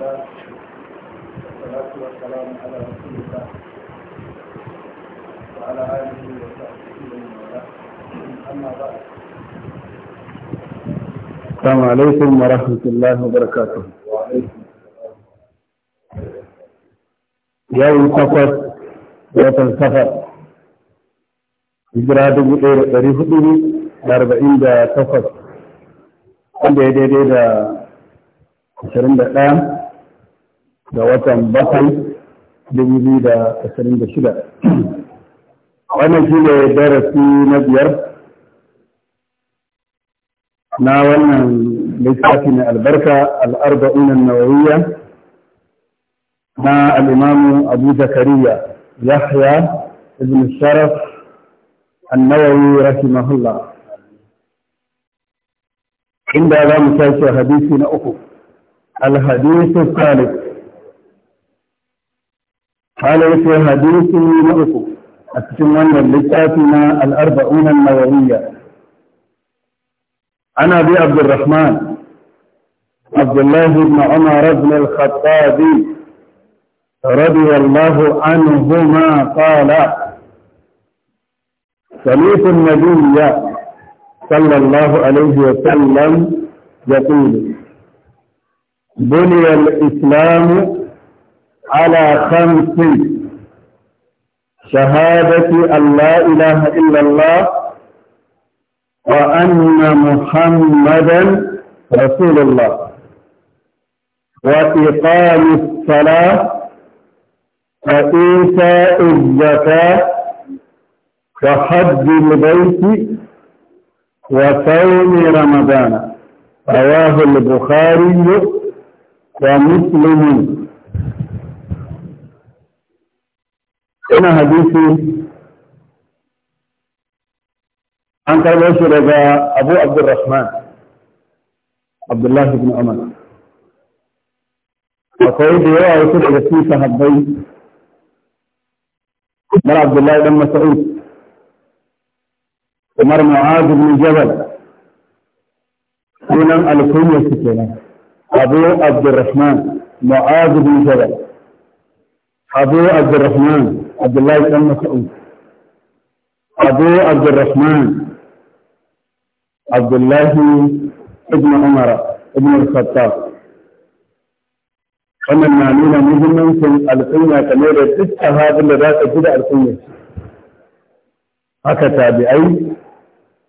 والصلاة والسلام على رسول الله وعلى آله وصحبه ومن والاه أما بعد السلام عليكم ورحمة الله وبركاته يوم سفر وطن سفر hijira dubu ɗaya da ɗari عند da arba'in da takwas wanda ya da watan bakwai dubu biyu da ashirin da shida wannan shi ne darasi na biyar na wannan littafi mai albarka al'arba'in nawawiyya na al'imamu abu zakariya yahya ibn sharaf annawawi rahimahullah inda za mu tashi hadisi na uku الحديث الثالث قال يسوى حديث من أكو أكتم أن الأربعون النووية أنا أبي عبد الرحمن عبد الله بن عمر بن الخطاب رضي الله عنهما قال سمعت النبي صلى الله عليه وسلم يقول بني الإسلام على خمس شهادة أن لا إله إلا الله وأن محمدا رسول الله وإقام الصلاة وإيتاء الزكاة وحج البيت وصوم رمضان رواه البخاري ومسلم ina hadisi an karɓo shi daga abu abdurrahman abdullahi ibn umar akwai da yawa wasu daga cikin sahabbai mar abdullahi dan mas'ud kamar mu'az ibn jabal sunan alkunya su kenan abu abdurrahman mu'az ibn jabal أبو عبد الرحمن عبد الله بن مسعود أبو عبد الرحمن عبد الله بن عمر بن الخطاب كما نعلم مهما في القيمة كميرة تسعى هذا اللي راك تدع القيمة حكى تابعي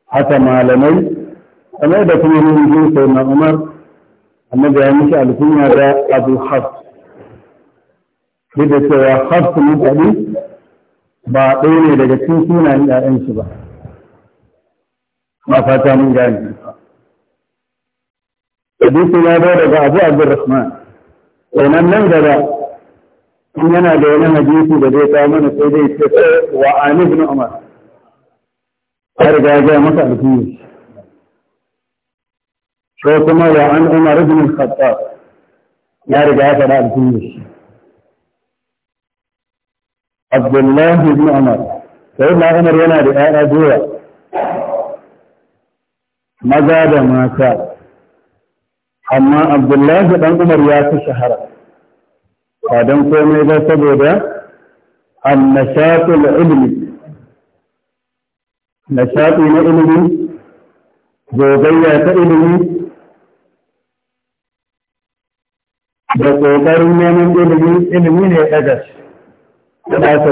حكى معلمي كميرة كميرة من جنس ابن عمر النبي عمشى القيمة ذا أبو حفص duk da cewa hafsu min ali ba ɗaya ne daga cikin sunayen ƴaƴansu ba ma fata mun gane hadisi ya zo daga abu abdurrahman wannan nan gaba in yana da wani hadisi da zai kawo mana sai zai ce wa ani ibn umar har ga ya maka alfiyu ko kuma wa an umar ibn al-khattab ya riga ya faɗa alfiyu عبد الله بن عمر سيدنا عمر يانا دي ايا دوا ما زاد ما كا اما عبد الله بن عمر يا شهر فدان كومي ده سبوده النشاط العلمي نشاط العلمي جوغيا تعلمي da kokarin neman ilimi ilimi ne ya gaske da ba su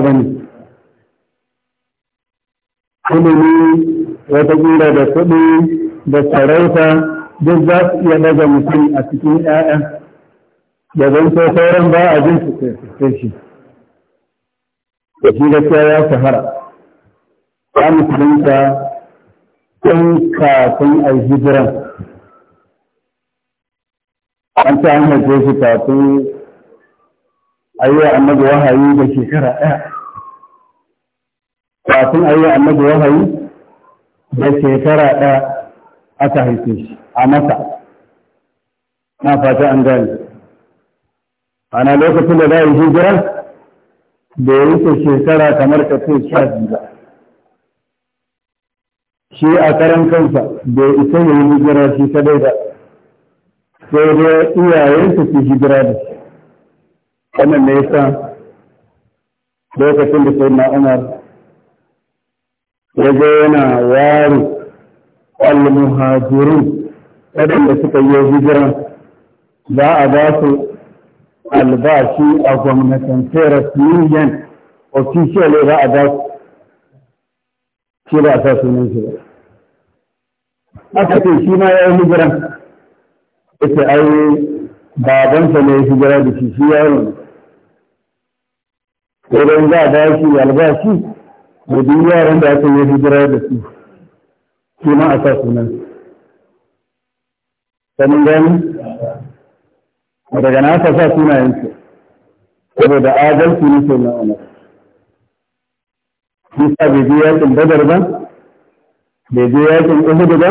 ilimi wata da kuɗi da sarauta duk za su iya daga mutum a cikin ‘ya'ya da zan so sauran ba a jin su sai shi da shi gaskiya ya shahara ya musulunta tun kafin a hijiran an ta an haife shi kafin ayi annabi wahayi da shekara ɗaya kafin ayi annabi wahayi da shekara ɗaya aka haife shi a masa na fata an gane ana lokacin da za a yi hijira da ya wuce shekara kamar ka ce sha biyu shi a karan kansa bai isa ya yi hijira shi kadai ba sai dai iyayensa ke hijira da shi wannan ne yasa lokacin da sai na umar ya zo yana wari al-muhajirun waɗanda suka yi hijira za a ba su albashi a gwamnatin gwamnatance rasmiyan official za a ba su shi ba a sa sunan shi ba aka ce shi ma ya yi hijira ita ai babansa ne hijira da shi shi ya yi ko don za a bashi albashi da duk yaran da aka yi hijira da su shi ma a sa sunan sanin gani daga na aka sa sunayensu saboda adalci ne sai na ana shi sa bai je yakin badar ba bai je yakin uhud ba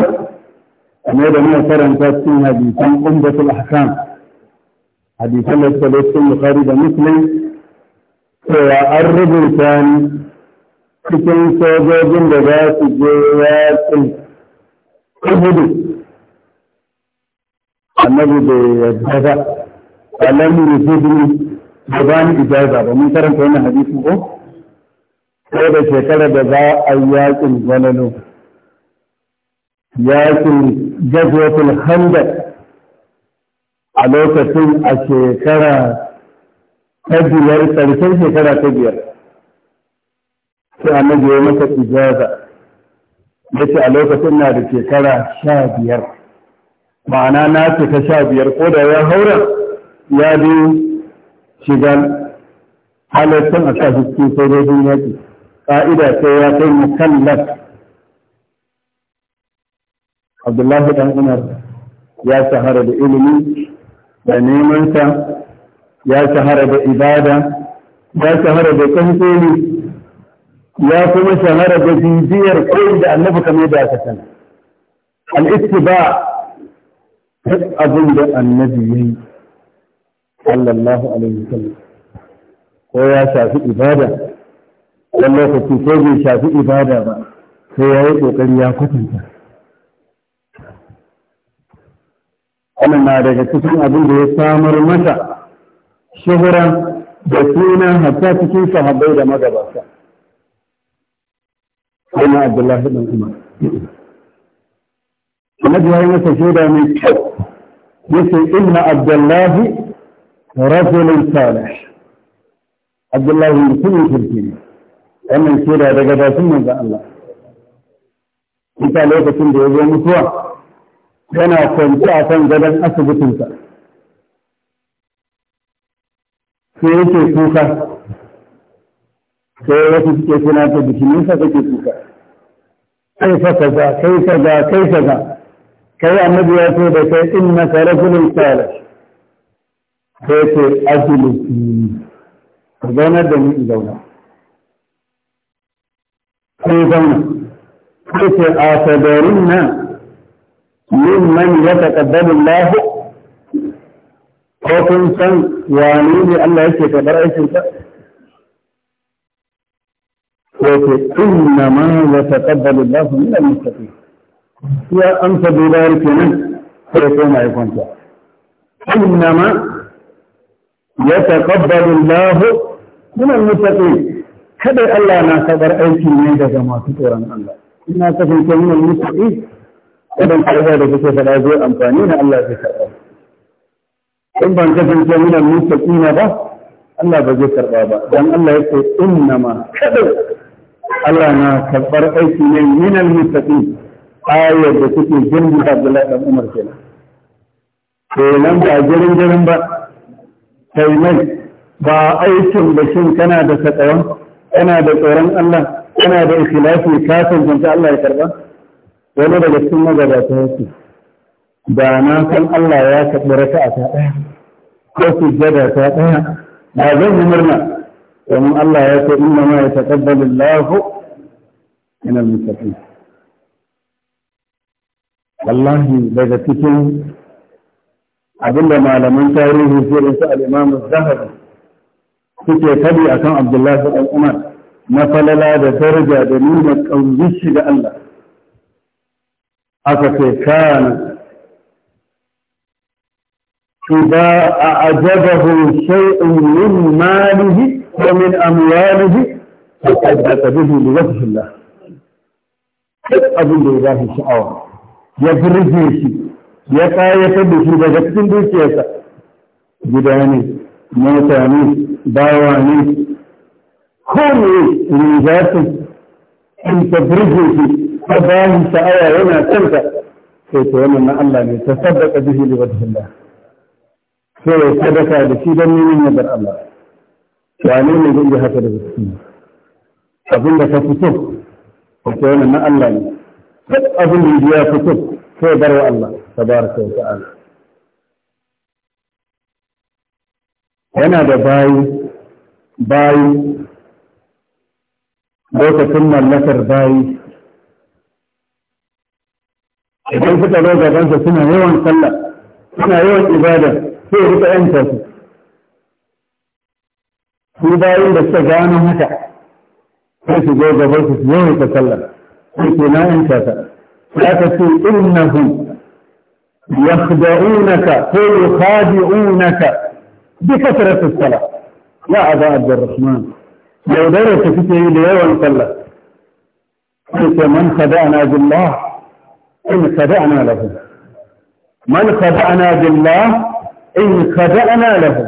amma da muna karanta cikin hadisan umdatul ahkam hadisan da suka lokacin bukhari da muslim cewa an rubuta ni cikin sojojin da za su je yaƙin kudu annabi da yadda ba alamu rufudini da ba ni ijaza ba mun karanta wannan hadisi ko ko da shekarar da za a yi yaƙin gwalalo yaƙin gazwatul handak a lokacin a shekara ta biyar ƙarshen shekara ta biyar sai annabi ya masa ijaza ya a lokacin na da shekara sha biyar ma'ana na ce ta sha biyar ko da ya haura ya bi shiga halittun a sha cikin sojojin yaƙi ƙa'ida sai ya kai mukallaf abdullahi dan umar ya shahara da ilimi da neman sa ya shahara da ibada ya shahara da tsantsoli ya kuma shahara da bibiyar koyi da annabi kamar da aka sana al-ittiba duk abin da annabi ya yi sallallahu alaihi wasallam ko ya shafi ibada wani lokaci ko bai shafi ibada ba sai ya yi kokari ya kwatanta wannan na daga cikin abin da ya samar mata shuhura da suna hatta cikin sahabbai da magabata Sayyidina Abdullahi ɗan Umar Annabi ya yi masa shaida mai kyau yace inna Abdullahi rajulun salih Abdullahi mutumin kirki ne wannan shaida daga nan ga Allah Ita lokacin da ya zo mutuwa yana kwanci a kan gadon asibitinsa sai yake kuka sai wasu suke suna ta jiki nisa kake kuka kai fa kaza kai kaza kai kaza kai annabi ya ce da kai na ka rajulun tsara sai ce ajlisi ka zaunar da ni in zauna sai zauna sai ce a sadarin nan min man ya taƙaddalu lahu ko kun san wani ne Allah yake karɓar aikin sa wato inna ma ya taqabbalu Allahu min al-muttaqin ya amsa dubayar kenan sai ko mai kwanta inna ma ya taqabbalu Allahu min al-muttaqin kada Allah na karɓar aiki ne daga masu tsoron Allah ina kasance min al-muttaqin kada karɓa da kake faɗa zai amfani na Allah zai karɓa in ban kasance minal muttaqina ba Allah ba zai karba ba dan Allah ya ce ma kada Allah na karɓar aiki ne al muttaqin ayar da take jirgin Abdullahi dan Umar kenan kenan ba jirin jirin ba sai mai ba aikin da shin kana da sakawan kana da tsoron Allah kana da ikhlasi kafin san Allah ya karba wani daga cikin magabata yake da na san Allah ya karɓi raka a ɗaya ko sujjada ta ɗaya Ba zan yi murna domin Allah ya ce inna ma ya taqabbalu Allahu min al-muttaqin wallahi daga cikin abinda malaman tarihi sai su al-Imam Az-Zahabi suke tabi akan Abdullahi bin Umar na falala da daraja da nuna kaunin shi ga Allah aka ce kana إذا أعجبه شيء من ماله ومن أمواله فقدت به لوجه الله abin da ya ba shi sha'awa ya birge shi ya kayatar da shi daga cikin dukiyarsa gida ne mota ne bawa ne ko ne rigatin in ta birge shi ta ba shi sha'awa yana kanta sai ta wannan na Allah ne ta saddaka bihi li wajhillah sai ya sadaka da shi don neman yadda Allah wane ne zai yi haka da gaske abin da ka fito na Allah ne duk abin da ya fito sai bar wa Allah yana da bayi bayi lokacin mallakar bayi idan suka zo gabansa suna yawan sallah suna yawan ibada sai rika yanta su su bayan da suka gano haka sai su zo gaban su su yawaita sallah sai ke na yanta ta ya ka ce innahu yakhda'unaka ko yukhadi'unaka bi kasrati as-salah ya aba abdurrahman yaudarar ta kike yi da yawan sallah sai ce man khada'na billah in khada'na lahu man khada'na billah in ana lahu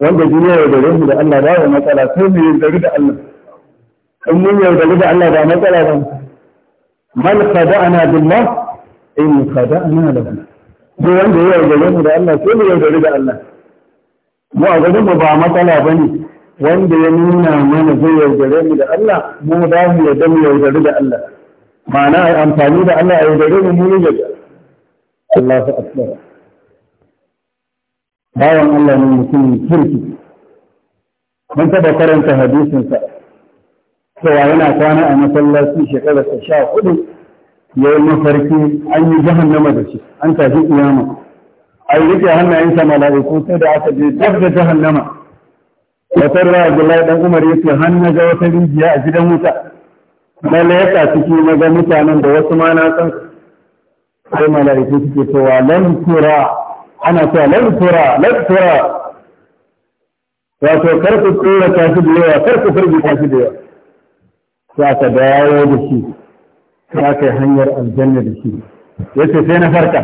wanda duniya ya dare mu da Allah ba wa matsala sai mu yi da Allah in mun yaudari da Allah ba matsala ba man khada'ana billah in khada'ana lahu duk wanda ya yaudare mu da Allah sai mu yi da Allah mu a gari mu ba matsala ba ne. wanda ya nuna mana zai gari mu da Allah mu ba mu yarda mu yaudari da Allah ma'ana amfani da Allah a gari mu mu Allah Allahu akbar bawan Allah ne mutumin kirki mun taɓa karanta hadisinsa cewa yana kwana a masallaci shekararsa sha hudu ya yi mafarki an yi jahannama da shi an tafi kiyama a yi rike hannayensa mala'iku sai da aka je dab da jahannama tarra a abdullahi dan umar ya ce hannu ga wata rijiya a gidan wuta na ya ciki na ga mutanen da wasu ma na san sai mala'iku suke cewa lam ana cewa lantura lantura wato kar ku tsira ta shi da yawa kar ku firgi ta shi da yawa ka dawo da shi sai ka hanyar aljanna da shi ce sai na farka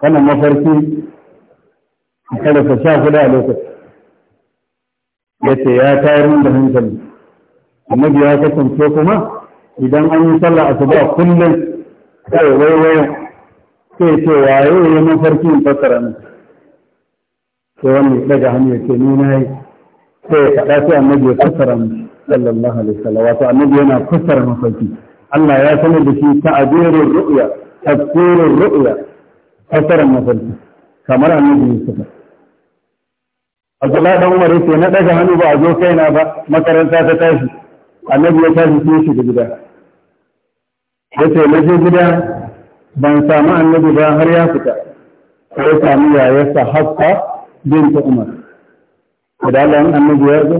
wannan mafarki kada ka sha kuda a lokaci ya tayar da hankali annabi ya kasance kuma idan an yi sallah asuba kullum sai waiwayo sai ce waye ya mafarki in fassara min sai wannan daga hannu ya ce ni na yi sai ya faɗa sai annabi ya fassara min sallallahu alaihi wasallam wato annabi yana fassara mafarki Allah ya sanar da shi ta ta'abirin ru'ya tafsirin ru'ya fassarar mafarki kamar annabi ya fassara Abdullahi dan Umar yace na daga hannu ba a zo kaina ba makaranta ta tashi annabi ya tashi sai shiga gida yace na je gida ban samu annabi ba har ya fita sai samu yayarsa hafsa binta umar da Allah annabi ya zo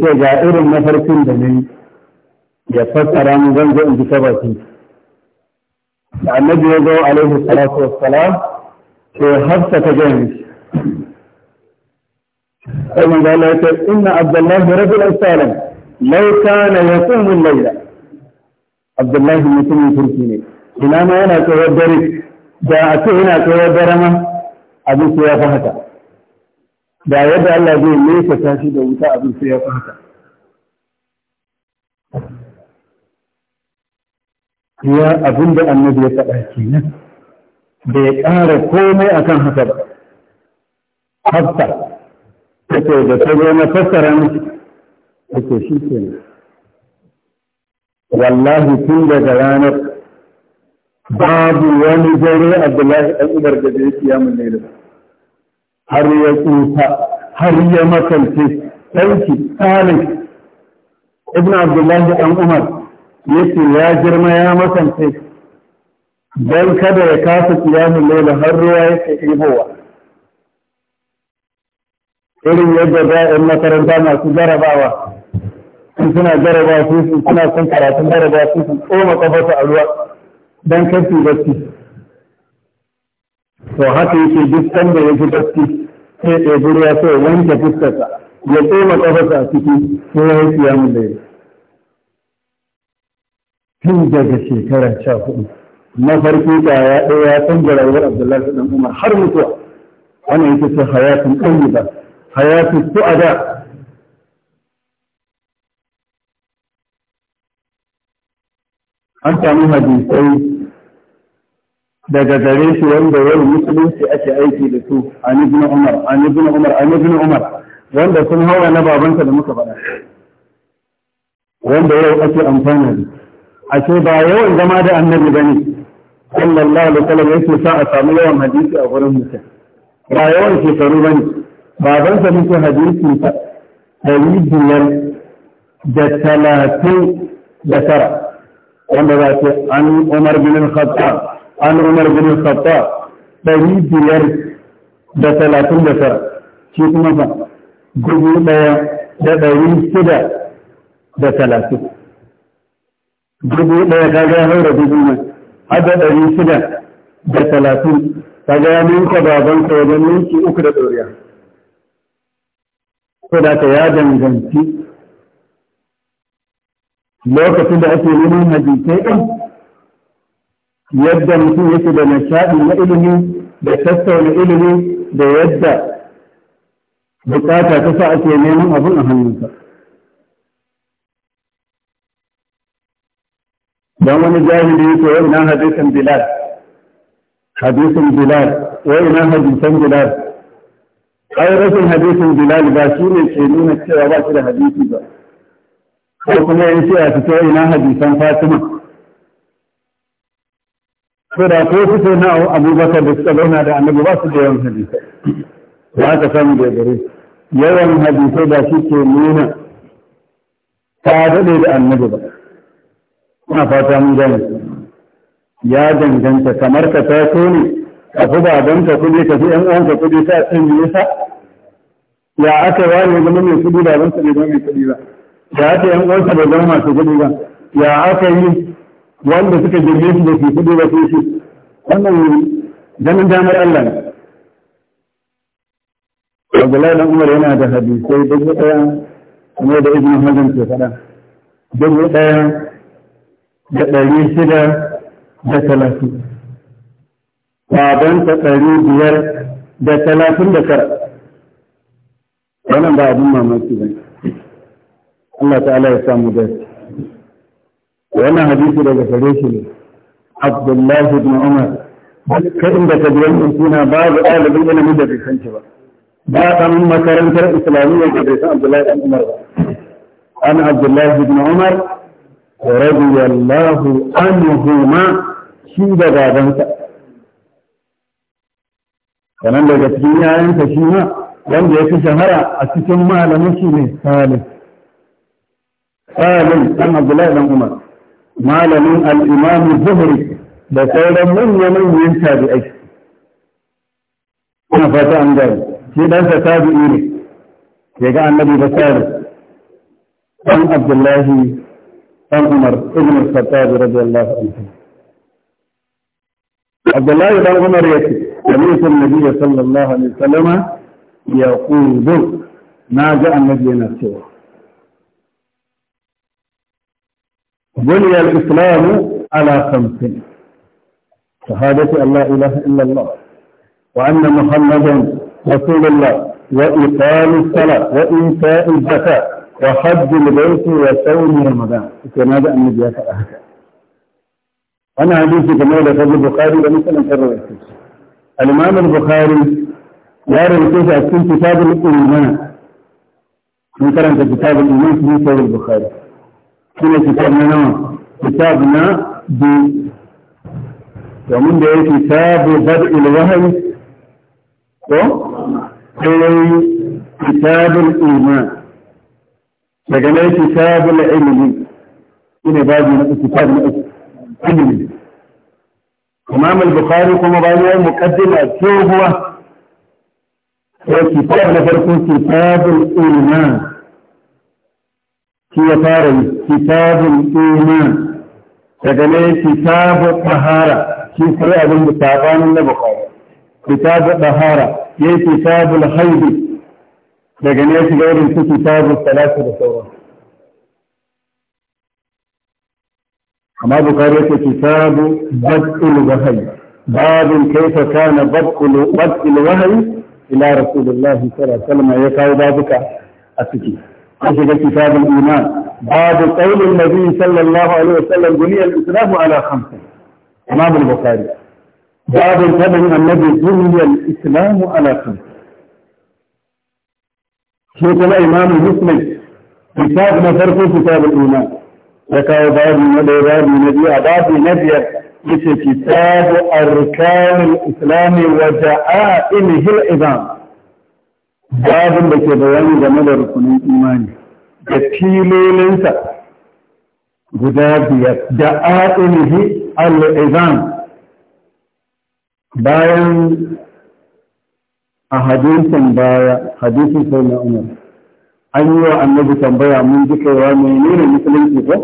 ce ga irin mafarkin da nayi ya fassara mu zan zo in ji ta baki da annabi ya zo alaihi salatu wassalam sai hafsa ta gaya mishi sai mun ga Allah ya inna abdullahi rajul salim law kana yaqumu al-layla abdullahi mutumin turki ne ina ma yana tsawar dare da a ce yana tsawar dare ma abin sai ya fi haka da yadda Allah zai nesa tashi da wuta abin sai ya fi haka ya abin da annabi ya faɗa kenan bai ƙara komai akan haka ba hafsa take da ta zo na fassara miki take shi kenan wallahi tun daga ranar babu wani dare abdullahi dan umar da zai kiyamun laila har ya tsufa har ya makalce ɗauki tsali ibn abdullahi dan umar yace ya girma ya makalce don kada ya kasa kiyamun laila har ruwa yake ibowa irin yadda da'in makaranta masu jarabawa suna jarabawa su suna son karatun jarabawa su su tsoma kafarsu a ruwa don kafi bacci to haka yake duk sanda da yake bacci sai ɗaya guri ya sai wanke ka ya tsoma ƙafarsa a ciki sai ya yi ya mun dai tun daga shekara sha hudu farko ta ya ɗaya ya canza rayuwar abdullahi dan umar har mutuwa wannan yake ce hayatun ɗan ba hayatun su'ada an samu hadisai daga gare shi wanda wani musulunci ake aiki da su an ibn umar an ibn umar an ibn umar wanda sun hawa na babanta da muka faɗa wanda yau ake amfani da A ce ba yawan zama da annabi ba ne sallallahu alaihi wasallam yake sa a samu yawan hadisi a gurin mutum ba yawan shekaru ne babansa muke hadisi ta ɗari biyar da talatin da tara wanda za ce an umar bin khattab an umar bin khattab ɗari biyar da talatin da tara shi kuma ba gudu ɗaya da ɗari shida da talatin gudu ɗaya ta ga haura dubu nan har da ɗari shida da talatin ta ga ya ninka kawai wajen ninki uku da ɗoriya. Ko da ka ya danganci lokacin da ake neman hadisai ɗin yadda mutum yake da nishaɗi na ilimi da tattauna ilimi da yadda bukata ta sa ake neman abin a hannunsa don wani jahili yake wa ina hadisan bilal hadisan bilal wa ina hadisan bilal ai rashin hadisin bilal ba shi ne ke nuna cewa ba shi da hadisi ba ko kuma in shi'a su ta ina hadisan fatima ko da ko su sai na abubakar da suka zauna da annabi ba su da yawan hadisai ba ka samu da gare yawan hadisai da shi ke nuna ta daɗe da annabi ba Kuna fata mun gane ya danganta kamar ka ta so ne ka fi babanka kuɗi ka fi ‘yan uwanka kuɗi ta tsin nisa ya aka wani zama mai kuɗi babansa ne zama mai kuɗi ba da aka yan uwansa da zama masu kuɗi ba ya aka yi wanda suka girme su da su kuɗi ba sai shi wannan ganin damar Allah ne Abdullahi dan Umar yana da hadisai dubu ɗaya kuma da Ibn Hazm ke faɗa dubu ɗaya da ɗari shida da talatin ta ɗari biyar da talatin da tara wannan ba abin mamaki ba ne Allah ta'ala ya samu dace wannan hadisi daga gare shi ne Abdullahi ibn Umar ka da ka ji wannan suna babu ɗalibin ilimin da bai san ba ba ɗan makarantar islamiyya da bai san Abdullahi ibn Umar ba an Abdullahi ibn Umar radiyallahu anhuma shi da babansa sanan daga cikin yayansa shi ma wanda ya fi shahara a cikin malamin shi ne Salim salim dan abdullahi dan umar malamin al-imam zuhri da sauran manyan manyan tabi'ai ina fata an gani shi dan sa tabi'i ne ya ga annabi da salim dan abdullahi dan umar ibn al-khattab radiyallahu anhu abdullahi dan umar yake سمعت النبي صلى الله عليه وسلم يقول ما جاء النبي نفسه بني الإسلام على خمس شهادة أن لا إله إلا الله وأن محمدا رسول الله وإقام الصلاة وإيتاء الزكاة وحج البيت وصوم رمضان كما هذا النبي هكذا أنا حديثي كما يقول البخاري ومثلا كرر الإمام البخاري يرى رجل أكتب كتاب الإيمان من كتاب الإيمان في كتاب البخاري shine kitabna nawa kitabna bi domin da yake kitabu bad'il wahyi ko sai kitabul iman daga nan kitabul ilmi shine babu na kitab na ilmi imam al-bukhari kuma bayan muqaddima tsohuwa sai kitab na farko kitabul iman هي كتاب الإيمان تقلي كتاب الطهارة كيف رأب المتابان النبقار كتاب الطهارة هي كتاب الخيب تقلي كتاب كتاب الثلاثة أما بقارية كتاب بدء الوهي باب كيف كان بدء الوهي إلى رسول الله صلى الله عليه وسلم يقال بابك أتكي أجل كتاب الإيمان باب قول النبي صلى الله عليه وسلم بني الإسلام على خمسة إمام البخاري باب ثمن النبي بني الإسلام على خمسة شيخ الإمام المسلم كتاب نفرق كتاب الإيمان ذكر باب النبي باب النبي باب النبي كتاب أركان الإسلام وجعائمه العظام babin da ke bayani game da rukunin imani da filolinsa guda biyar da a'ilihi al bayan a hadisin baya hadisin sai na umar an yi wa annabi tambaya mun ji kaiwa menene musulunci ko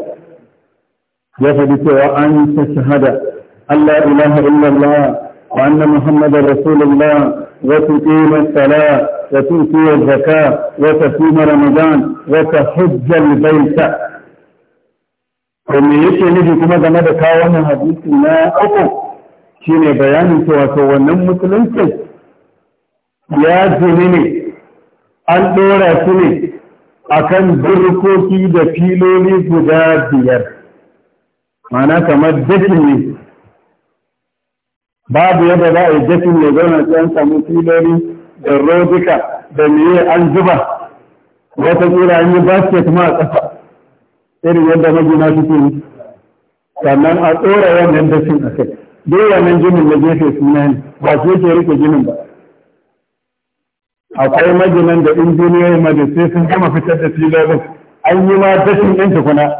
ya faɗi cewa an ta shahada Allah ilaha illallah wa anna muhammadar rasulullah وتقيم الصلاة وتؤتي الزكاة وتصوم رمضان وتحج البيت kuma yake nufi kuma game da kawo wannan hadisi na uku shine bayanin cewa to wannan musulunci ya jini ne an ɗora su ne akan burkoki da filoli guda biyar mana kamar dafi ne babu yadda za a yi jafin ya zauna sai an samu filoli da rodika da miye an zuba wata tsira an yi basket ma a ƙasa irin yadda magina ke yi sannan a tsora wannan dafin a kai duk wannan da na gefe suna ne ba su yake rike jinin ba akwai maginan da injiniyar ma sun gama fitar da filolin an yi ma dafin ɗin tukuna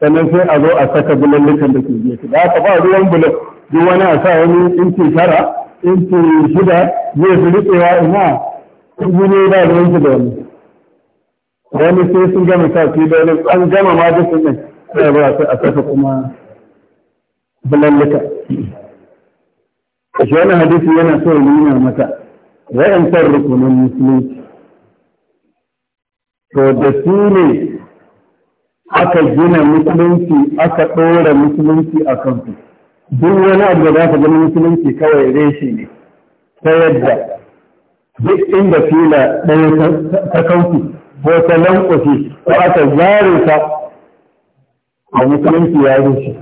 sannan sai a zo a saka bulallukan da ke gefe da haka ba ruwan bulan duk wani a sa wani inci tara inci shida zai fi riƙewa ina kuɗi ne ba da wani da wani wani sai sun gama sa fi da wani an gama ma da sun nan sai ba a saka kuma a shi wani hadisi yana so ya nuna mata wa'yantar rukunin musulunci to da su ne aka gina musulunci aka ɗora musulunci a kansu duk wani abu da za ka zama musulunci kawai shi ne ta yadda duk inda fila ɗaya ta kauki ko ta lankwafi ko aka zare ta a musulunci ya rushe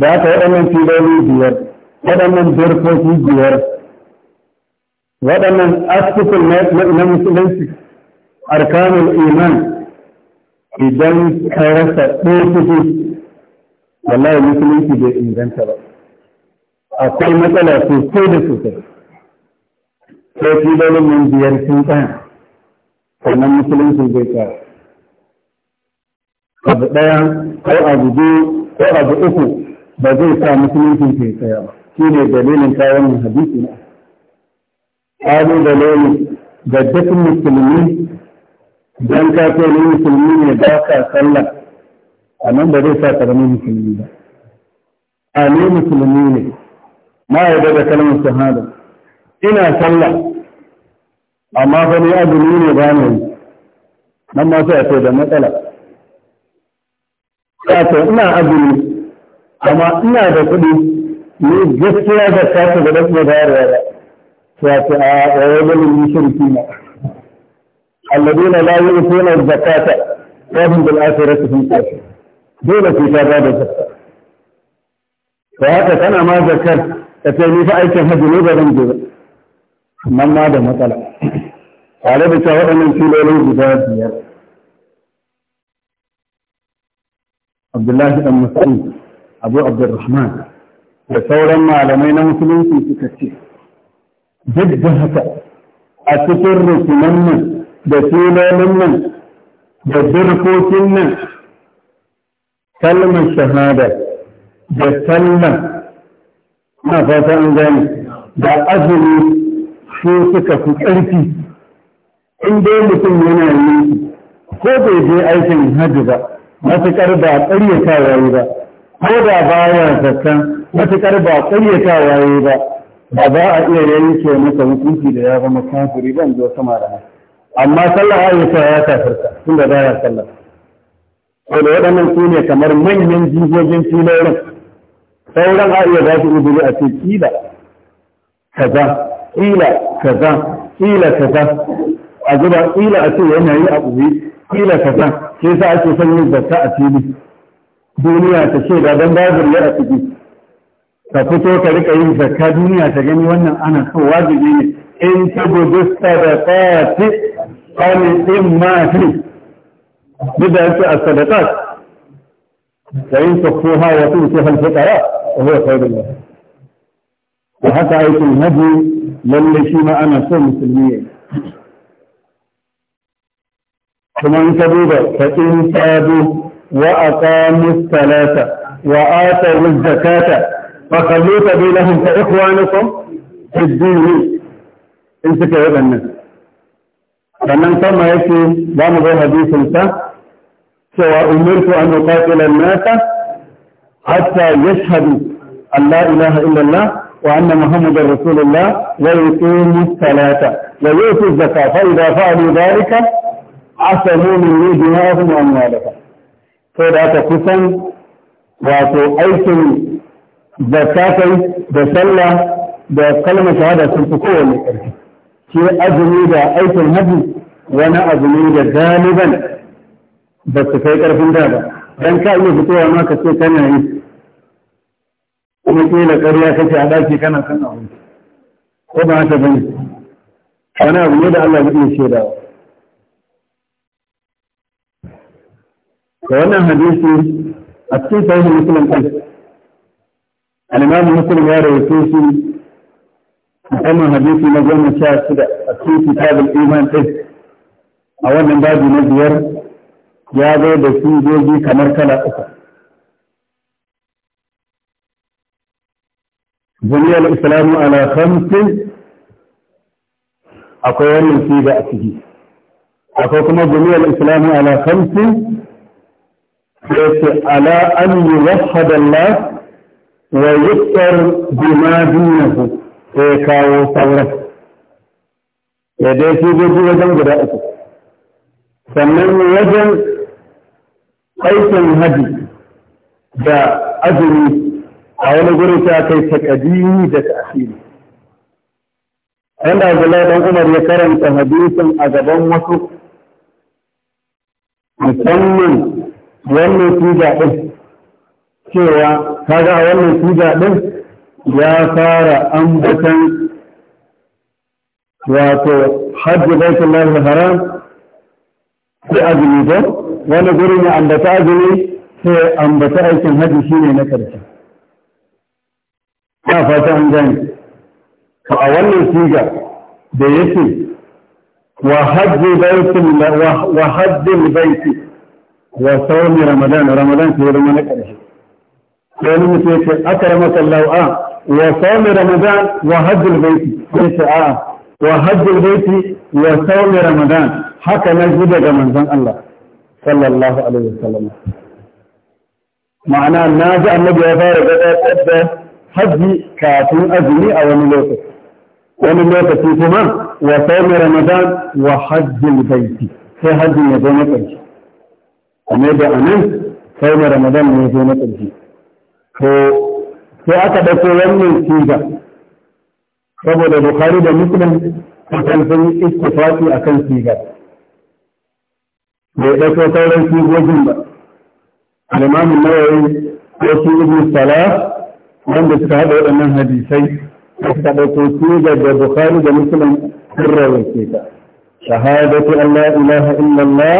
da aka waɗannan filoli biyar waɗannan jirkoki biyar waɗannan askufin na musulunci arkanul iman idan ka rasa ɗaya wallahi musulunci bai inganta ba akwai matsala sosai da sosai sai filolin mun biyar sun tsaya sannan musulunci bai tsaya abu ɗaya ko abu biyu ko abu uku ba zai sa musulunci ke tsaya ba shi ne dalilin kayan hadisi na Abu dalilin da dukkan musulmi don kafin ni musulmi ne ba ka sallah amma ba zai sa karamin musulmi ba a ne musulmi ne na yarda da kalmar shahada ina sallah amma fa ni azumi ne ba ne nan ma sai a ce da matsala ya ce ina azumi amma ina da kuɗi ni gaskiya da kasu da ɗan bayarwa ba ya ce a wajen mushriki na الذين لا يؤتون الزكاة وهم بالآخرة هم كافرون dole sai ta ba da zakka to haka tana ma zakkar ta ce ni fa aikin hajji ne ba zan je ba amma ma da matsala tare da cewa waɗannan filolin guda biyar Abdullahi dan Mas'ud Abu Abdurrahman da sauran malamai na musulunci suka ce duk da haka a cikin rukunan nan da filolin nan da zurfokin nan kalmar shahada da sallah na fata an gane da azumi su suka fi ƙarfi in dai mutum yana yi ko bai je aikin hajji ba matuƙar ba ƙaryatawa yi ba ko da baya a matuƙar ba ƙaryatawa yi ba ba za a iya yanke masa hukunci da ya zama kafiri ban zo sama da amma sallah ayyuka ya kafirta tun baya sallah wanda waɗannan su ne kamar manyan jigogin filorin sauran a iya zafi ubiri a ce kila kaza kila kaza kila kaza a zuba kila a ce yana yi a ɓuri kila kaza ke sa ake son yin zakka a fili duniya ta ce da don babur ya a ciki ka fito ka rika yin zakka duniya ta gani wannan ana kan wajibi ne in ta gudu ce qali imma fi بذلك الصدقات فإن تخفوها وتؤتيها الفقراء وهو خير لها وحتى آية النبي لم يشيم أنا سوى مسلمين ثم إن انتبه فإن تابوا وأقاموا الصلاة وآتوا الزكاة فخلوا لهم فإخوانكم في الدين انت كيف الناس sannan ثم yake za mu zo hadisin sa cewa أن an الناس an-nasa hatta yashhadu an la ilaha وأن محمد رسول الله ويقيم الصلاة ويؤتي الزكاة فإذا فعلوا ذلك عصموا مني دماءهم وأموالهم فإذا تكسن وأتوا أيكم زكاة بسلة بكلمة شهادة سنتكون الكريم في أزمي ذا أيت المدن وأنا أزمي ذا غالبا بس في طرف دابا لأن كان له فتوى ما كسي كان يعني ومن قيل قرية كسي عداكي كان كان عمي وما أنت بني أنا أزمي ذا الله بإيه شيء دابا وأنا حديثي أتي صحيح مسلم أنا ما مسلم يا رسول musamman hadisi na goma sha shida a cikin kitabul iman ɗin a wannan babu na biyar ya zo da sigogi kamar kala uku jami'ar islamu ala khamsin akwai wannan siga a ciki akwai kuma jami'ar islamu ala khamsin ya ce ala an yi wahadallah wa yusar bima dinahu sai ya kawo sauran ya dai sojoji wajen guda uku sannan wajen aikin haji da azumi a wani gurin ta kai kadini da asiri wanda abu laifin Umar ya karanta hadisin a gaban wasu musamman wannan tuja din cewa kaga a wannan tuja din ya fara ambatan wato hajji lafi haram sai azumi ba wani gurin ya ambata azumi sai ambata aikin hajji ne na karshe ta fata an gani to a wannan siga da yake wa hajji baitul wa hajji baiti wa sawmi ramadan ramadan sai ramadan na ƙarshe sai mutum yake akramaka Allah wa sawmi ramadan wa hajjul baiti sai ce a'a wa wa sawmi ramadan haka na daga manzon Allah sallallahu alaihi ma'ana na ji annabi ya fara gabatar da hajji kafin azumi a wani lokaci wani lokaci kuma wa sawmi ramadan wa hajjul sai da ramadan ne ya sai aka ɗauko wannan siga saboda bukari da muslim kusan sun yi istifaki a kan siga bai ɗauko sauran sigogin ba alimamin nawayi wasu ibn salah wanda suka haɗa waɗannan hadisai da suka ɗauko sigar da bukari da muslim sun rawaike ta shahadatu allah ilaha illallah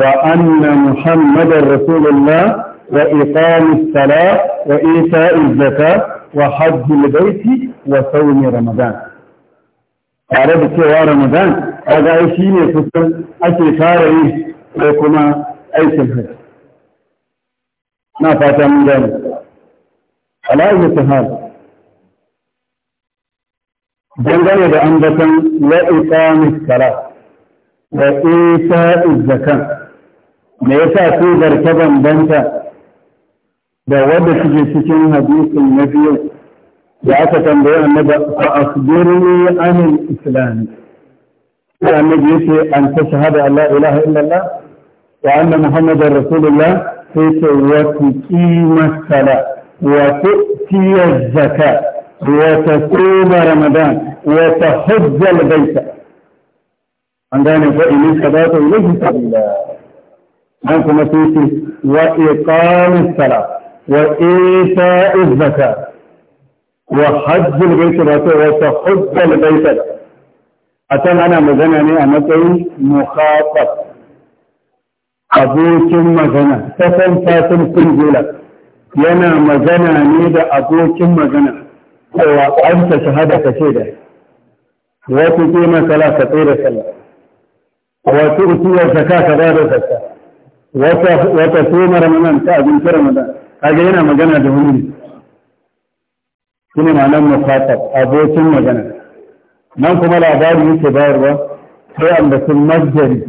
wa anna muhammadar rasulullah وإقام الصلاة وإيتاء الزكاة وحج البيت وصوم رمضان قالوا شهر رمضان هذا شيء يفصل أكل شهرين وكما أي سلحج ما فات من ذلك ألا أي سهال جنجل بأنبكا وإقام الصلاة وإيتاء الزكاة ليس أكيد ركبا بنتا da wadda take cikin hadisin na biyu da aka tambaye annabi fa akhbirni anil islam sai annabi yace an ta shahada Allah ilaha illallah wa anna muhammadar rasulullah sai ce wa tuqima sala wa tu'tiya zakka wa tasuma ramadan wa tahajja al-bayta an gane fa in sabata ilayhi sabila dan kuma sai ce wa iqamis salat وإيتاء الزكاة وحج البيت وتحج البيت أتم أنا مزنة matsayin أمتي مخاطب abokin magana ta san fatin kungula yana magana ne da abokin magana cewa an ka ce da wata kima sala ka tsaye da sallah wata ba da wata ramadan abinci ramadan kage yana magana da wani kuma ne nan mufatar abokin magana nan kuma labari yake bayarwa sai ambatun majari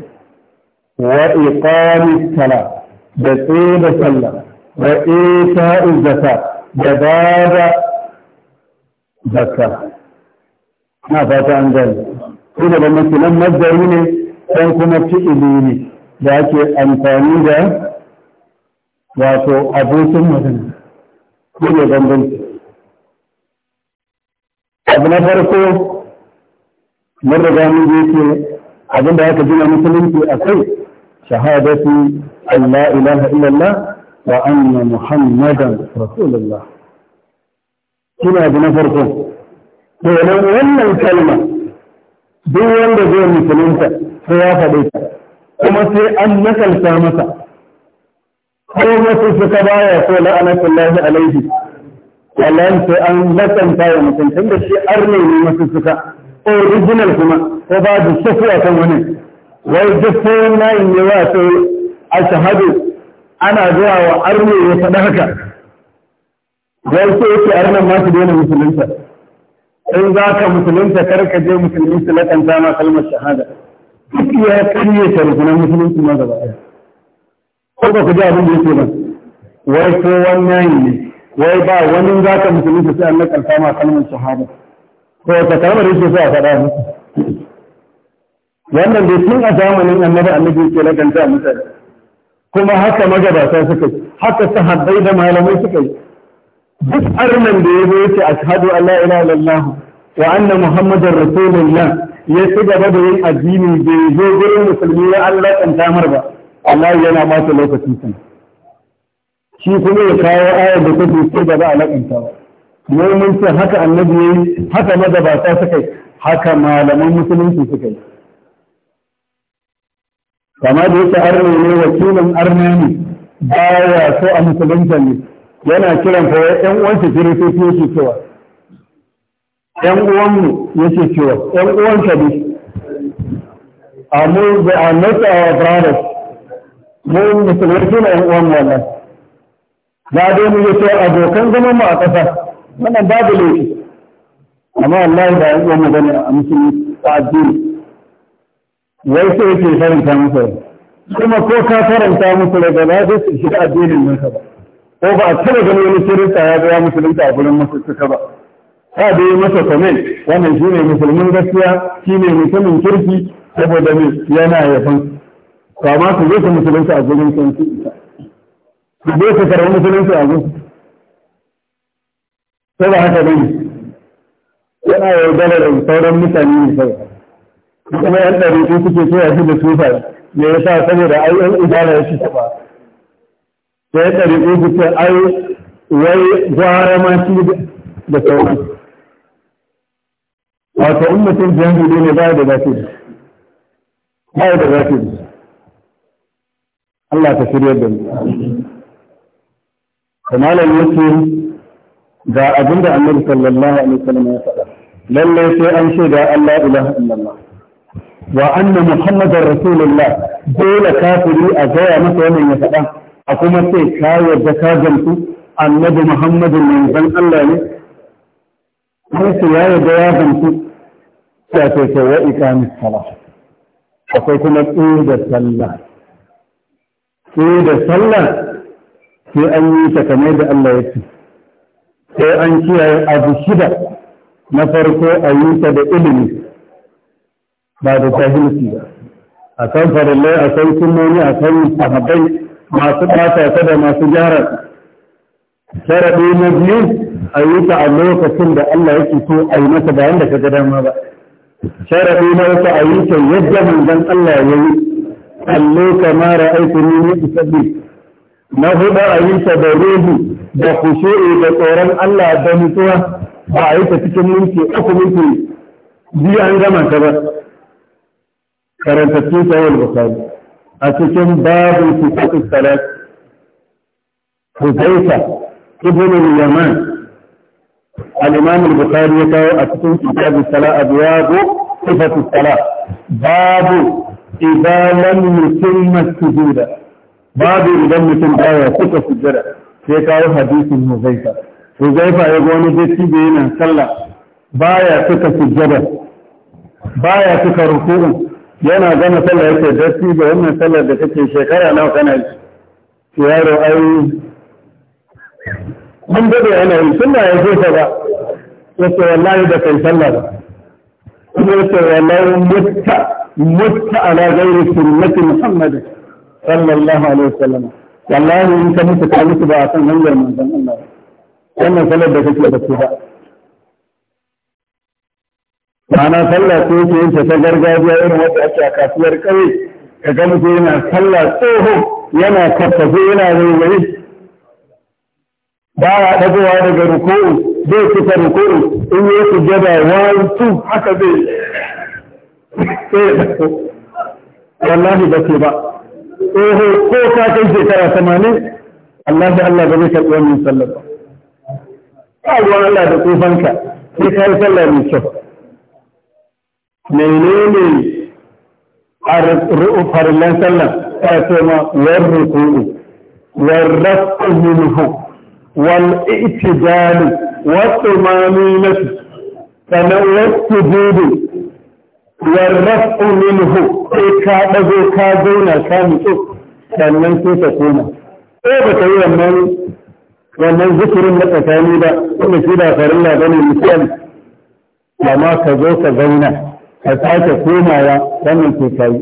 wa iqami sala da tsira sallah wa ita'u zaka da bada zaka na fata an gani ko da ban nan majari ne dan kuma fi'ili ne da ake amfani da wato abokin magana ko ne bambanci abu na farko mun riga mun je ce abin da aka gina musulunci a kai shahadatu Allah ilaha illallah wa anna muhammadan rasulullah shine abu na farko kenan wannan kalma duk wanda zai musulunta sai ya ta. kuma sai an nakalta masa ko wasu suka baya ko la'anatullahi alaihi wallahi sai an lakanta wa mutum tun da shi arne ne masu suka original kuma ko babu shafi a kan wani wai gaskiya na yi wa sai a shahadu ana zuwa wa arne ya faɗa haka wai sai yake arnan ma su daina musulunta in za ka musulunta karka je musulmi su lakanta ma kalmar shahada duk ya karye ta rukunan musulunci ma gaba ɗaya ko ba ku ji abin da yake ba wai ko wannan ne wai ba wani za ka musulunta sai an nakalta ma kalmar shahada ko ta kalmar yake sai a faɗa musu wannan dai tun a zamanin annabi annabi yake laganta mutane kuma haka magabata suka yi haka sahabbai da malamai suka yi duk arnan da ya zo yace ashhadu an la ilaha illallah wa anna muhammadar rasulullah ya ci gaba da yin addini bai zo gurin musulmi ya Allah kan tamar ba amma yana mata lokacin sana shi kuma ya kawo ayar da take sai da ba a lakanta ba mu mun ce haka annabi ya yi haka magabata suka yi haka malaman musulunci suka yi kama da yake arna ne wakilin arna ne baya so a musulunta ne yana kiran fa yan uwansa kiristoci yake cewa yan uwanmu yake cewa yan uwansa ne a mu da a nasa brothers mun musulmai na yan uwan wannan ba dai mu yace abokan zaman mu a ƙasa wannan babu laifi amma Allah ya yan uwan mu bane a musulmi a addini wai sai yake karanta musu kuma ko ka karanta musu daga ba zai su shiga addinin naka ba ko ba a taba ganin wani kirista ya ga musulunta a gurin musulunta ba ba da yi masa comment wannan ne musulmin gaskiya shi ne mutumin kirki saboda me yana yafan to amma su zai ta musulunci a gurin sun su isa su zai ta karɓi musulunci a gurin sai ba haka ne yana yaudara da sauran mutane ne sai kuma yan ɗari su suke cewa shi da sufa me yasa saboda ai yan ibada ya shi taɓa sai yan ɗari su ce ai wai gwara ma shi da sauran wato in mutum jami'i ne ba da zafi ba da zafi Allah ta shirya da mu kamalan yake ga abin da annabi sallallahu alaihi wasallam ya faɗa lallai sai an shaida Allah ilaha illallah wa anna muhammadar rasulullah dole kafiri a gaya masa wannan ya faɗa a kuma sai ka yarda ka gamsu annabi Muhammadu manzon Allah ne sai ya yarda ya gamsu sai sai wa ikamis akwai kuma tsaye da sallah sai da sallah sai an yi ta kamar da Allah ya ce sai an kiyaye abu shida na farko a yi ta da ilimi ba da jahilci ba a kan farallai a kan sunnoni a kan sahabbai masu ɓata ta da masu gyara sharaɗi na biyu a yi ta a lokacin da Allah yake so a yi masa bayan da ka ga dama ba sharaɗi na uku a yi ta yadda manzon Allah ya yi kallo kamar ra'aytu isa usalli na hudu a yi ta da ruhu da kushu'i da tsoron Allah da mutuwa ba a yi ta cikin minti uku minti biyu an gama ta ba karanta cikin sahih bukhari a cikin babu sifatu salat Huzaifa ibn al-Yaman al-Imam al-Bukhari ya kawo a cikin kitabu salat abwabu sifatu salat babu idan lam yutimma sujuda babu idan mutum baya kuka sujada sai kawo hadisin Huzaifa Huzaifa ya ga wani dattijo yana sallah baya suka sujada baya suka ruku'u yana gama sallah yake dattijo wannan sallah da kake shekara nawa kana yi yaro ai mun dade ana yi sunna ya jefa ba yace wallahi da kai sallah ba kuma yake walau mutta mutta ala ghairi sunnati muhammad sallallahu alaihi wasallam wallahi in ka mutu ka mutu ba a kan hanyar manzon Allah wannan salar da kake da su ba ma'ana sallah ko yake yin ta gargajiya irin wanda ake a kasuwar ƙauye ka ga mutum yana sallah tsoho yana kafafe yana zaizaye ba ya daga ruku'u zai fita rukuru in yi su sujjada wani tu haka zai wallahi ba ce ba ko ko ka kai shekara tamanin wallahi Allah ba zai karɓi wannan sallar ba ba ruwan Allah da tsofanka sai ka yi sallah mai kyau menene farillan sallah ta ce ma war rukuru war rafu minhu wal i'tidalu والطمأنينة فنوى السجود والرفع منه ka ɗago ka zauna ka nutsu sannan sai ka koma ko ba ta yi wannan zikirin na tsakani ba wanda shi ba farilla ba ne misali amma ka zo ka zauna ka sake komawa wannan ke ka yi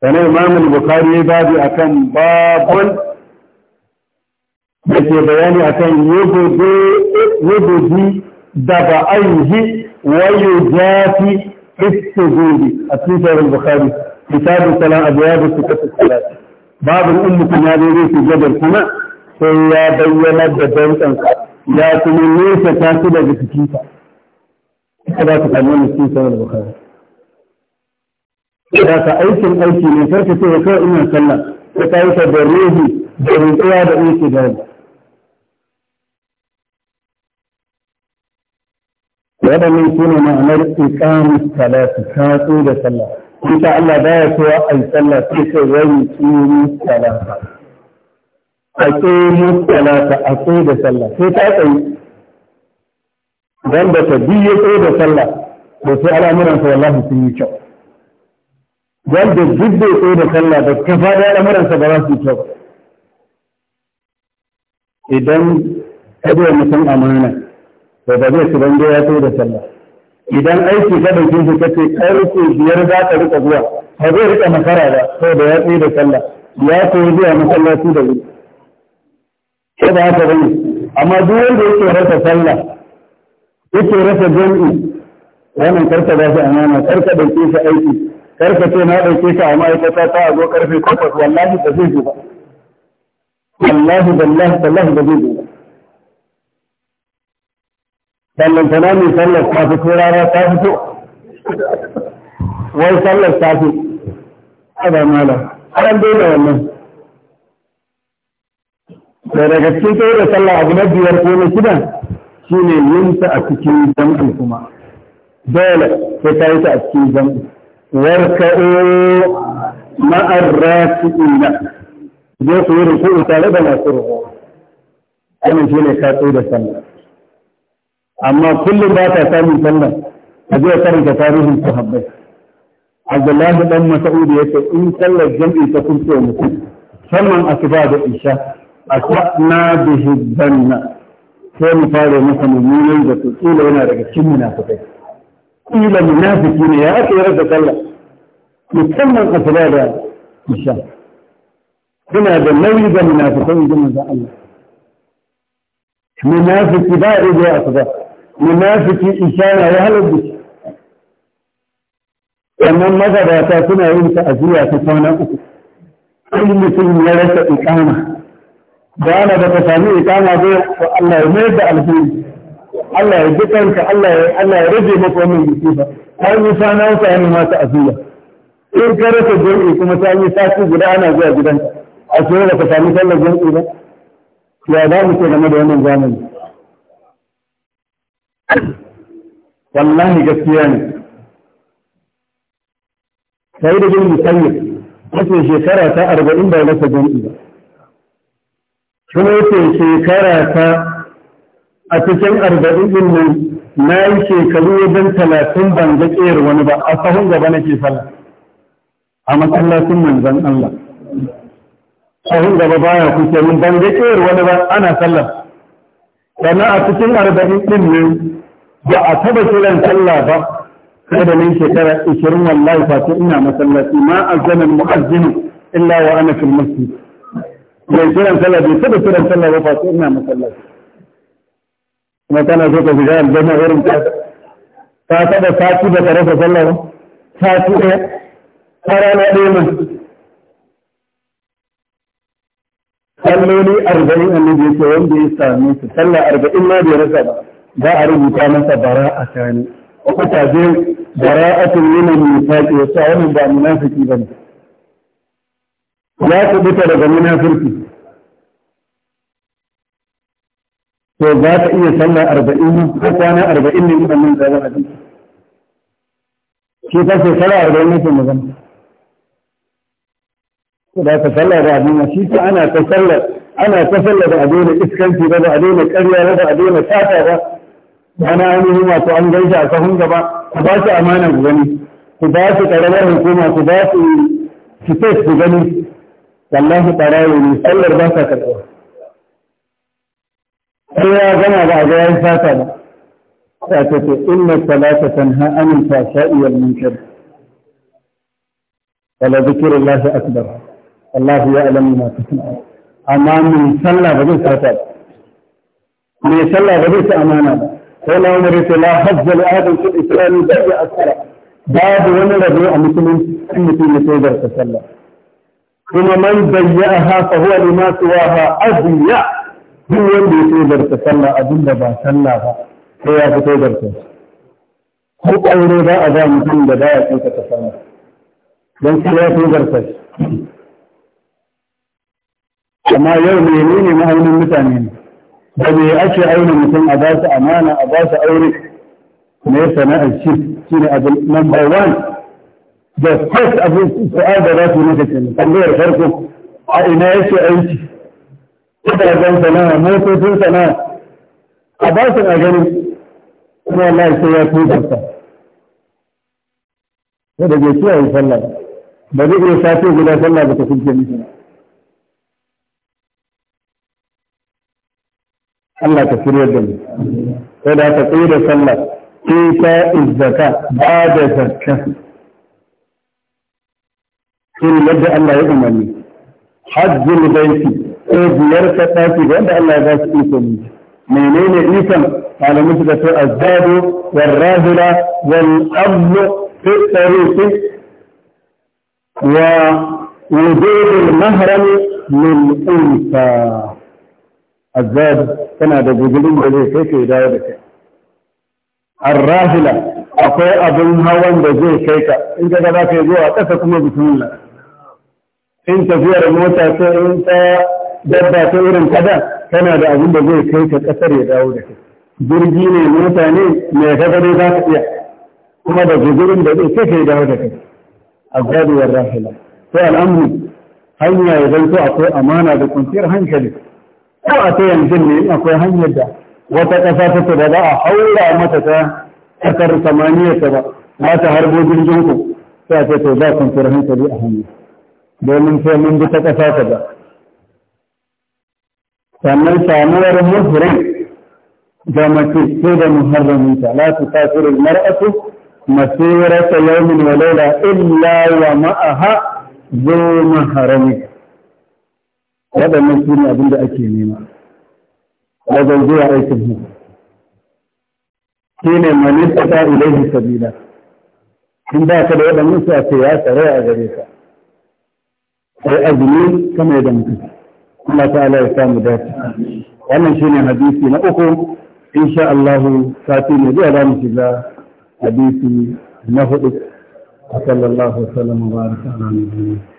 sannan imamul bukari ya babu akan babon da ke bayani akan yugudu da ba'aihi wa yujafi gobe a cikin sahih bukhari kitabu salam da sukatu salat babu ummu kuma ya zai su gabar kuma sai ya bayyana da dantsansa ya kuma nesa ta su daga cikinsa ita za su kalli ne cikin sahih bukari da ka aikin aiki ne karka ce kawai ina sallah ya ka yi ta da ruhi da rutsuwa da aiki gani waɗannan su ne ma'anar ikamus salatu ta tso da sallah insha Allah ba ya cewa a yi sallah sai kai wani tsiri salata a tsiri salata a tso da sallah sai ta tsayi don da ta biye tso da sallah da sai al'amuransa wallahi sun yi kyau wanda duk da tsaye da sallah da ka faɗa al'amuransa ba za su yi kyau idan ka bai mutum amana to ba zai ci ban ya to da sallah idan aiki ka dauke shi kace karfe biyar za ka rika zuwa ba zai rika makara ba to da ya tsaye da sallah ya koyi zuwa masallaci da wuri ko ba haka bane amma duk wanda yake rasa sallah yake rasa jami'i wannan karka ba shi amana karka dauke shi aiki karka ce na dauke ka a ma'aikata ta a zo karfe takwas wallahi ba zai zo ba wallahi wallahi wallahi ba zai zo ba ballantana mai sallar ta ko rana ta fito wai sallar ta fi ba malam an daina wannan da daga cikin sai da sallah abu na biyar ko na shida shi ne yinta a cikin jam'i kuma dole sai ta yi ta a cikin jam'i warka'o ma'ar rafi'ina je ku yi ruku'u tare da masu ruku'u wannan shi ne ka tsaye da sallah amma kullum ba ta samun sallah a zai karanta tarihin sahabbai Abdullahi dan Mas'ud ya ce in sallar jam'i ta kunce mutum sannan asuba da isha asna bihi dhanna sai mu fara masa mummunan da su kila yana daga cikin munafikai kila munafiki ne ya aka yi da sallah musamman asuba da isha suna da nauyi ga munafikai in ji manzon Allah munafiki ba a asuba munafiki isara ya halabu da sannan magabata suna yin zuwa ta kwana uku in mutum ya rasa ikama da ana da ta sami ikama zai wa Allah ya mayar da alheri Allah ya ji kanka Allah ya Allah ya rage maka wannan musiba An yi sana wata yana ma ta'aziyya in ka rasa jami'i kuma ta yi sati guda ana zuwa gidanka a cikin da ka sami sallar jami'i ba ya za mu ce game da wannan zamani wallahi gaskiya ne sai da bin musayyib wace shekara ta arba'in da masa jam'i ba kuma yake shekara ta a cikin arba'in din nan na yi shekaru wajen talatin ban ga ƙeyar wani ba a sahun gaba ke sallah a masallacin manzan Allah sahun gaba baya kusa min ban ga ƙeyar wani ba ana sallah sannan a cikin arba'in din nan ba a taba kiran sallah ba sai da nan shekara 20 wallahi fa ina masallaci ma azana muazzin illa wa ana fil masjid bai kiran sallah bai taba kiran sallah ba fa ina masallaci kuma kana so ka shiga aljanna irin ta ta taba sati ba ka rasa sallah ba sati ɗaya ta rana ɗaya ma salloli arba'in annabi ya ce wanda ya same su sallah arba'in ma bai rasa ba za a rubuta masa bara'a tani ko ta je bara'atun min al-nifaqi wa sa'un ba munafiki bane ya kubuta daga munafiki to za ka iya sallah arba'in ko kwana arba'in ne idan nan zaba hadisi shi ta shekara arba'in ne magana ko da ka sallah da abin shi ta ana ta sallah ana ta sallah da abin da iskanci ba da abin da ƙarya ba da abin da tata ba ana ainihin wato an gaishe a sahun gaba ku ba su amana ku gani ku ba su karamar hukuma ku ba su fitas ku gani wallahi tarawo ne sallar ba sa karɓa sai ya gama ba a ga ya sata ba ta ce to inna salata tanha anil fashai wal munkar wala zikrullahi akbar Allah ya alamu ma tasna'u amma mai sallah ba zai sata ba mai sallah ba zai ta amana ba sai wani amur ce la hajjar adam fi islami da ya asara babu wani rabo a musulunci in mutum ya sai garta sallah kuma man bayya'aha fa huwa lima siwaha azliya duk wanda ya sai garta sallah abinda ba sallah ba sai ya fito garta ko aure ba a ba mutum da ba baya kinka ta sallah don sai ya fi garta amma yau menene ma'aunin mutane ne da me ake aure mutum a basu amana a basu aure me sana'ar shi shi ne abu number one da first abin su'ar da za su yi da kenan tambayar farko a ina yake aiki gidajen sana'a motocin sana'a a basu a gani kuma Allah sai ya fi da da ke kiyaye sallah ba zai iya sati guda sallah ba ta kuke mutum Allah ka shirya da mu sai da ka tsaye da sallah ita izzaka ba da zakka shine yadda Allah ya umarni hajjul baiti ko ziyarta ɗaki ga wanda Allah ya ba su iko ne menene ikon malamin suka ce azzadu wal rahila wal ablu fi tariqi wa wujudul mahram lil unsa azzab tana da guzurin da zai kai kai dawo da kai arrahila akwai abin hawan da zai kai ka in ka gaba kai zuwa kasa kuma bismillah in tafiyar mota ce in ta dabba ta irin kada tana da abin da zai kai ka ƙasar ya dawo da kai jirgi ne mota ne mai gaba ne za ka iya kuma da guzurin da zai kai kai dawo da kai azzab warrahila sai al'amru hanya ya zanto akwai amana da kwanciyar hankali ko a ta yankin ne akwai hanyar da wata ƙasa ta ba za a haura mata ta ƙasar samaniyar ta ba za ta harbo jirgin ku sai a ce to za kwanciyar hankali a hanya domin sai mun bi ta ƙasa ta ba sannan samuwar muhrim ga mace ce da muharramin ta la ta tasiru mar'atu masirata yawmin wa laila illa wa ma'aha zo maharamin waɗannan su ne abin da ake nema wajen zuwa aikin mu shi ne manista ilaihi sabila in ba ka da waɗannan su a ce ya tsare a gare ka sai azumi kama yadda mutum Allah ta'ala ya samu dace wannan shine hadisi na uku insha Allah sati ne zuwa zamu shiga hadisi na hudu sallallahu alaihi wa sallam wa baraka ala nabiyina